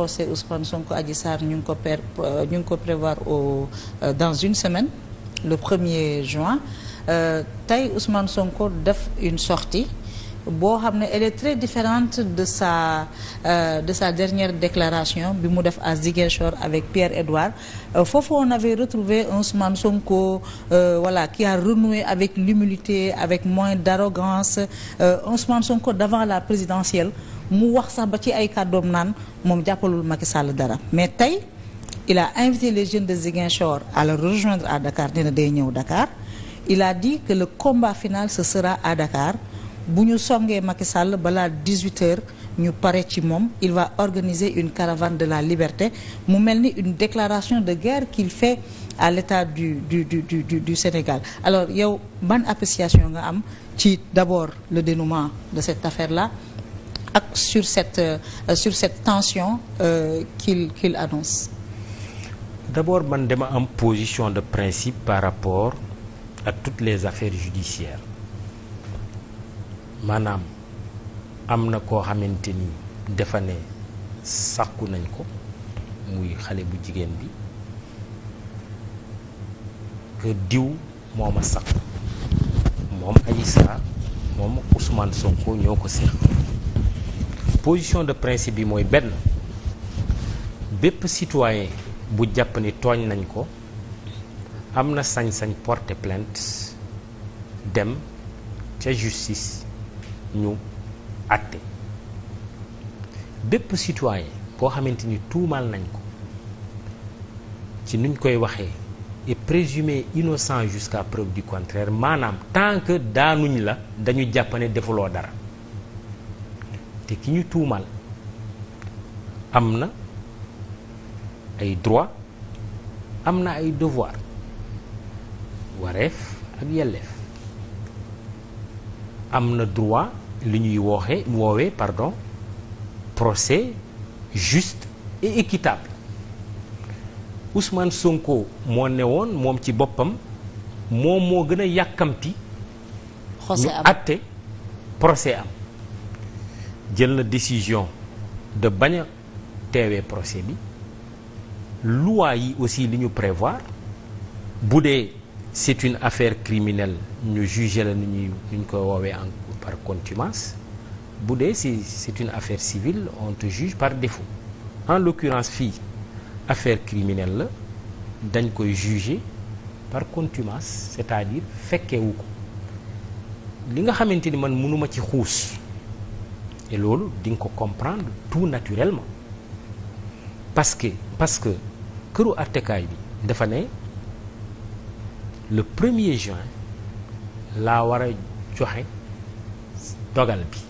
procès Ousmane Sonko Adji Sarr ñu ngi ko euh, ñu ngi ko prévoir au euh, dans une semaine le 1er juin euh, tey Ousmane Sonko def une sortie boo xam ne elle est très différente de sa euh, de sa dernière déclaration bi mu def à Ziguinchor avec Pierre-Edouard euh, foofu on avait retrouvé un Ousmane Sonko euh, voilà qui a renoué avec l'humilité avec moins d'arrogance un Ousmane Sonko d'avant la présidentielle mu wax sax ba ci ay kàddoom naan moom jàppalul Macky Sall dara mais tey il a invité les jeunes de Ziguinchor à le rejoindre à Dakar dina day ñëw Dakar il a dit que le combat final ce sera à Dakar bu ñu songee Macky Sall balaa 18 heures ñu pare ci moom il va organiser une caravane de la liberté mu mel ni une déclaration de guerre qu'il fait à l'état du du Sénégal alors yow ban appréciation nga am ci d'abord le dénouement de cette affaire la ak sur cette euh, sur cette tension euh, qu'il qu'il annonce d'abord man dama am position de principe par rapport a toutes les affaires judiciaires maanaam am na koo xamante ni defa ne sàkku nañ ko muy xale bu jigéen bi que diw moom a sàkku moom Adji Sarr moom Ousmane Sonko ñoo ko séq position de principe bi mooy benn bépp citoyen bu jàpp ni tooñ nañ ko am na sañ-sañ porte plainte dem ca justice ñu àtte bépp citoyen boo xamante ni tuumaal nañ ko ci nuñ koy waxee et présumé innocent jusqu'à preuve du contraire maanaam tant que daanuñ la dañu jàpp defuloo dara te ki ñu tuumaal am na ay droit am na ay devoir wareef ak yelleef am na droit li ñuy wooxe woowe pardon procès juste et équitable Ousmane Sonko moo ne woon moom ci boppam moom moo gën a yàkkamti ñu àtte procès am jël na décision de bañ a teewee procès bi loi yi aussi li ñu prévoir bu dee c'est une affaire criminelle ñu juger la nu ñuy nu ñu ko woowee en par contumace bu dee si c'est une affaire civile on te juge par défaut en l'occurrence fii affaire criminelle la dañ koy juger par contumace c'est-à-dire fekkewu ko li nga xamante ni man mënuma ci xuus et loolu di nga ko comprendre tout naturellement parce que parce que këru àttekaay bi dafa ne le premier juin laa war a joxe dogal bi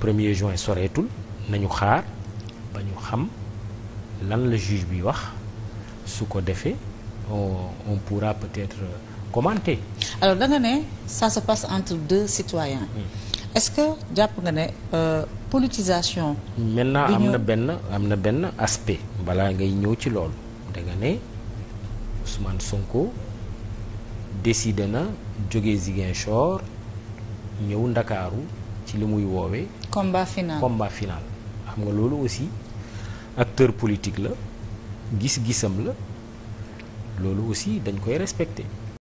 premier juin soreetul nañu xaar ba ñu xam lan la juge bi wax su ko defee on pourra peut-être commenter alors da nga ne ça se passe entre deux citoyens hmm. est-ce que jàpp nga ne euh, politisation. maintenant am na benn am na benn aspect. balaa ngay ñëw ci loolu. da nga ne Ousmane Sonko décidé na jóge Ziguinchor ñëw Ndakaaru ci li muy woowe combat final xam nga loolu aussi acteur politique la gis-gisam la loolu aussi dañ koy respecté.